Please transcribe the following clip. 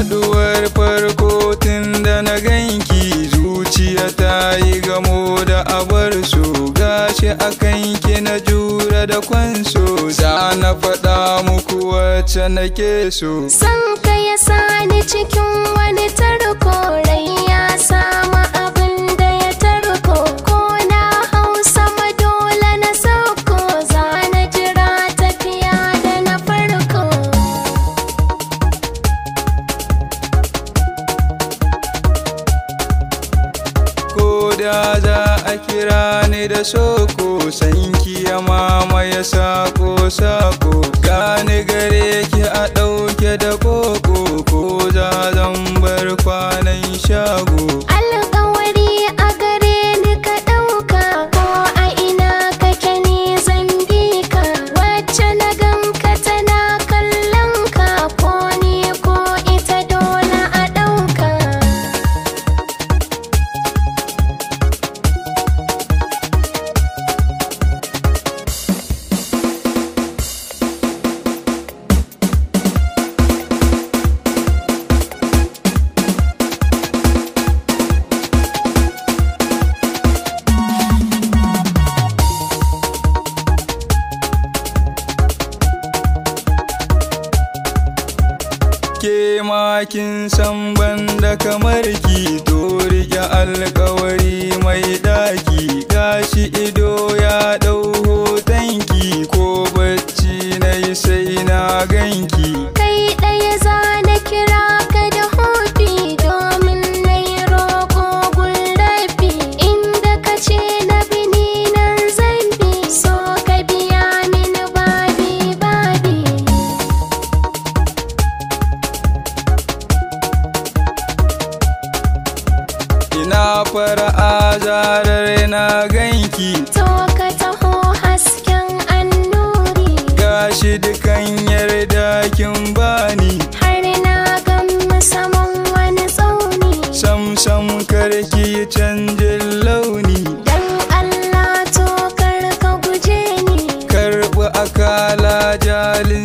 haduwar farko tun da na ganki zuciya ta yi gamo da abar so gashi a kanki na jura da kwanso za na faɗa muku wacce nake so san ka ya sani cikin wani tarko da za a kira ni da soko sanki ya mamaye sako sako gani gare ki a ɗauke da koko ko za zan bar kwanan shago ke makin san banda kamar ki to rike alkawari mai daki gashi ido ya ɗauho na fara zarar na ganki to ka taho hasken annuri gashi dukan yarda kin bani har na ga saman wani tsauni sam sam karki canjin launi dan Allah to kar ka guje ni Karɓi akala jalin